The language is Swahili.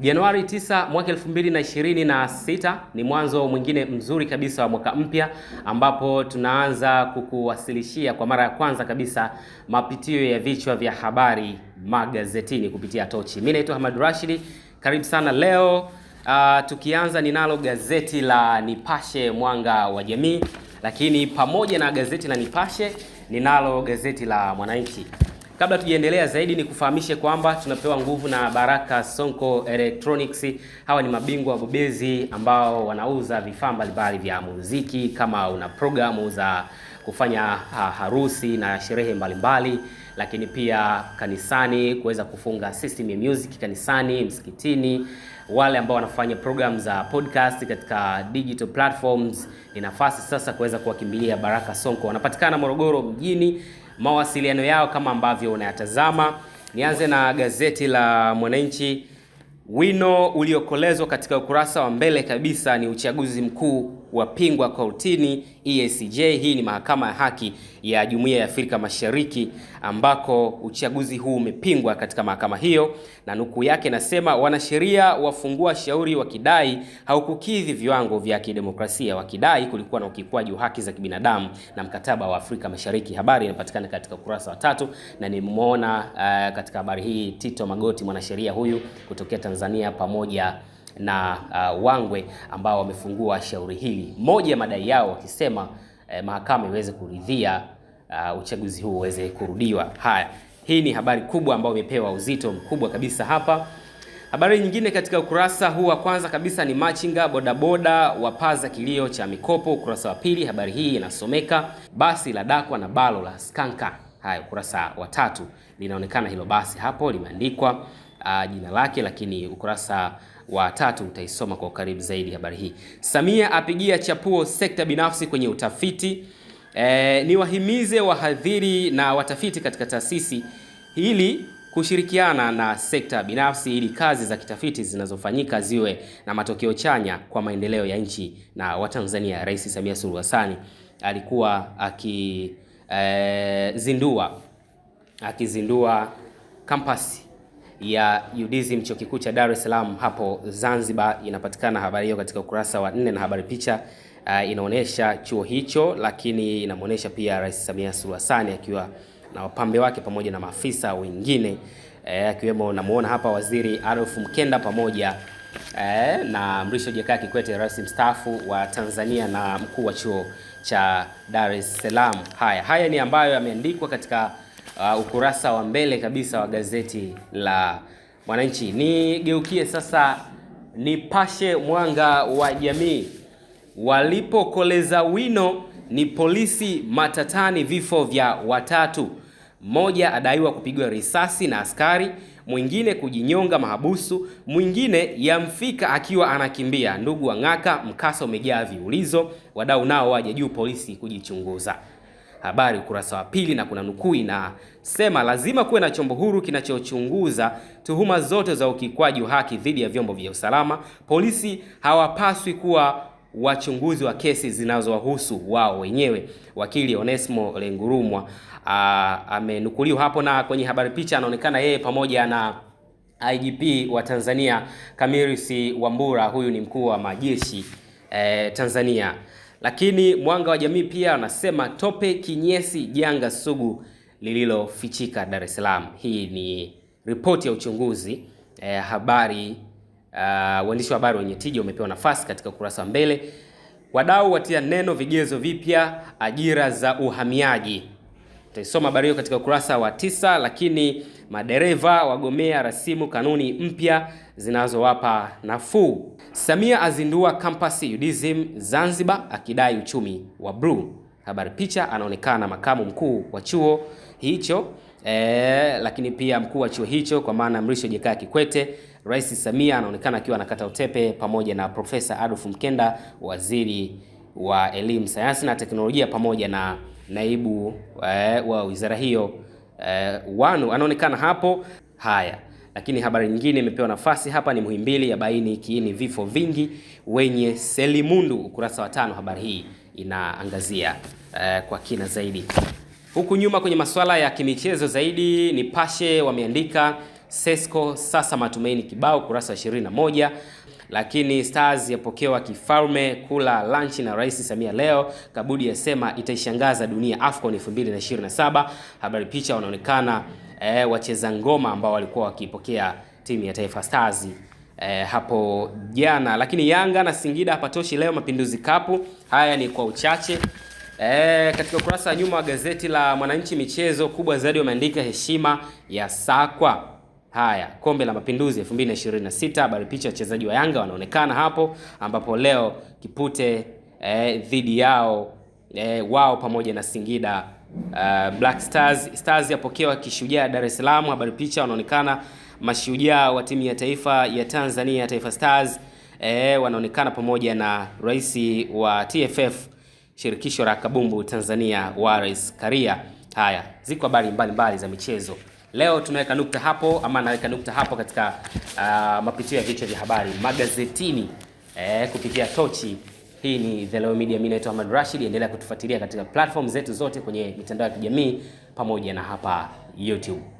Januari 9 mwaka 2026 ni mwanzo mwingine mzuri kabisa wa mwaka mpya ambapo tunaanza kukuwasilishia kwa mara ya kwanza kabisa mapitio ya vichwa vya habari magazetini kupitia Tochi. Mimi naitwa Ahmad Rashidi, karibu sana leo. Uh, tukianza ninalo gazeti la Nipashe Mwanga wa Jamii, lakini pamoja na gazeti la Nipashe ninalo gazeti la Mwananchi. Kabla tujaendelea zaidi, ni kufahamishe kwamba tunapewa nguvu na Baraka Sonko Electronics. Hawa ni mabingwa wabobezi ambao wanauza vifaa mbalimbali vya muziki. Kama una programu za kufanya harusi na sherehe mbalimbali mbali, lakini pia kanisani kuweza kufunga system ya music kanisani, msikitini wale ambao wanafanya program za podcast katika digital platforms, ni nafasi sasa kuweza kuwakimbilia Baraka Sonko. Wanapatikana Morogoro mjini mawasiliano yao kama ambavyo unayatazama. Nianze na gazeti la Mwananchi, wino uliokolezwa katika ukurasa wa mbele kabisa ni uchaguzi mkuu wapingwa kortini ESJ. Hii ni mahakama ya haki ya Jumuiya ya Afrika Mashariki ambako uchaguzi huu umepingwa katika mahakama hiyo, na nukuu yake nasema, wanasheria wafungua shauri wakidai haukukidhi viwango vya kidemokrasia, wakidai kulikuwa na ukiukwaji wa haki za kibinadamu na mkataba wa Afrika Mashariki. Habari inapatikana katika ukurasa wa tatu, na nimemwona uh, katika habari hii Tito Magoti mwanasheria huyu kutokea Tanzania pamoja na uh, Wangwe ambao wamefungua shauri hili, moja ya madai yao wakisema eh, mahakama iweze kuridhia uh, uchaguzi huu uweze kurudiwa. Haya, hii ni habari kubwa ambayo imepewa uzito mkubwa kabisa hapa. Habari nyingine katika ukurasa huu wa kwanza kabisa ni machinga bodaboda wapaza kilio cha mikopo. Ukurasa wa pili, habari hii inasomeka basi la dakwa na balo la skanka haya ukurasa wa tatu linaonekana hilo basi hapo limeandikwa uh, jina lake, lakini ukurasa wa tatu utaisoma kwa ukaribu zaidi habari hii. Samia apigia chapuo sekta binafsi kwenye utafiti. E, ni wahimize wahadhiri na watafiti katika taasisi ili kushirikiana na sekta binafsi ili kazi za kitafiti zinazofanyika ziwe na matokeo chanya kwa maendeleo ya nchi na Watanzania. Rais Samia Suluhu Hassan alikuwa aki Eh, zindua akizindua kampasi ya UDSM chuo kikuu cha Dar es Salaam hapo Zanzibar. Inapatikana habari hiyo katika ukurasa wa nne na habari picha uh, inaonyesha chuo hicho, lakini inamwonyesha pia Rais Samia Suluhu Hassan akiwa na wapambe wake pamoja na maafisa wengine eh, akiwemo namuona hapa Waziri Adolf Mkenda pamoja eh, na Mrisho Jakaya Kikwete, rais mstaafu wa Tanzania na mkuu wa chuo cha Dar es Salaam. Haya haya ni ambayo yameandikwa katika uh, ukurasa wa mbele kabisa wa gazeti la Mwananchi. Nigeukie sasa Nipashe Mwanga wa Jamii. Walipokoleza wino ni polisi matatani, vifo vya watatu, mmoja adaiwa kupigwa risasi na askari mwingine kujinyonga mahabusu, mwingine yamfika akiwa anakimbia. Ndugu wa Ng'aka, mkasa umejaa viulizo, wadau nao waje juu polisi kujichunguza. Habari ukurasa wa pili, na kuna nukuu inasema, lazima kuwe na chombo huru kinachochunguza tuhuma zote za ukiukwaji wa haki dhidi ya vyombo vya usalama. Polisi hawapaswi kuwa wachunguzi wa kesi zinazowahusu wao wenyewe. Wakili Onesmo Lengurumwa amenukuliwa hapo, na kwenye habari picha anaonekana yeye pamoja na IGP wa Tanzania Kamirisi Wambura, huyu ni mkuu wa majeshi eh, Tanzania. Lakini Mwanga wa Jamii pia anasema tope kinyesi, janga sugu lililofichika Dar es Salaam. Hii ni ripoti ya uchunguzi eh, habari Uh, waandishi wa habari wenye tija umepewa nafasi katika ukurasa wa mbele. Wadau watia neno vigezo vipya ajira za uhamiaji. Tutaisoma habari hiyo katika ukurasa wa tisa. Lakini madereva wagomea rasimu kanuni mpya zinazowapa nafuu. Samia azindua kampasi UDSM Zanzibar akidai uchumi wa bluu. Habari picha anaonekana makamu mkuu wa chuo hicho e, lakini pia mkuu wa chuo hicho kwa maana Mrisho Jakaya Kikwete, Rais Samia anaonekana akiwa anakata utepe pamoja na Profesa Adolf Mkenda, waziri wa elimu, sayansi na teknolojia pamoja na naibu e, wa wizara hiyo e, Wanu anaonekana hapo. Haya, lakini habari nyingine imepewa nafasi hapa ni Muhimbili baini kiini vifo vingi wenye selimundu. Ukurasa wa tano, habari hii inaangazia eh, kwa kina zaidi. Huku nyuma kwenye masuala ya kimichezo zaidi, Nipashe wameandika Sesco sasa matumaini kibao, kurasa 21. Lakini Stars yapokewa kifalme, kula lunch na Rais Samia leo. Kabudi yasema itaishangaza dunia AFCON 2027. Habari picha wanaonekana e, wacheza ngoma ambao walikuwa wakipokea timu ya Taifa Stars e, hapo jana. Lakini Yanga na Singida hapatoshi leo, Mapinduzi Cup. Haya ni kwa uchache. E, katika ukurasa wa nyuma wa gazeti la Mwananchi michezo kubwa zaidi wameandika heshima ya Sakwa. Haya, kombe la mapinduzi 2026 habari, picha wachezaji wa Yanga wanaonekana hapo, ambapo leo Kipute e, dhidi yao e, wao pamoja na Singida uh, Black Stars. Stars yapokewa kishujaa Dar es Salaam, habari, picha wanaonekana mashujaa wa timu ya taifa ya Tanzania Taifa Stars e, wanaonekana pamoja na rais wa TFF shirikisho la kabumbu Tanzania Wallace Karia. Haya, ziko habari mbalimbali za michezo. Leo tunaweka nukta hapo ama naweka nukta hapo katika uh, mapitio ya vichwa vya habari magazetini eh, kupitia tochi hii. Ni The Loyal Media, mimi naitwa Ahmad Rashid. Endelea kutufuatilia katika platform zetu zote kwenye mitandao ya kijamii pamoja na hapa YouTube.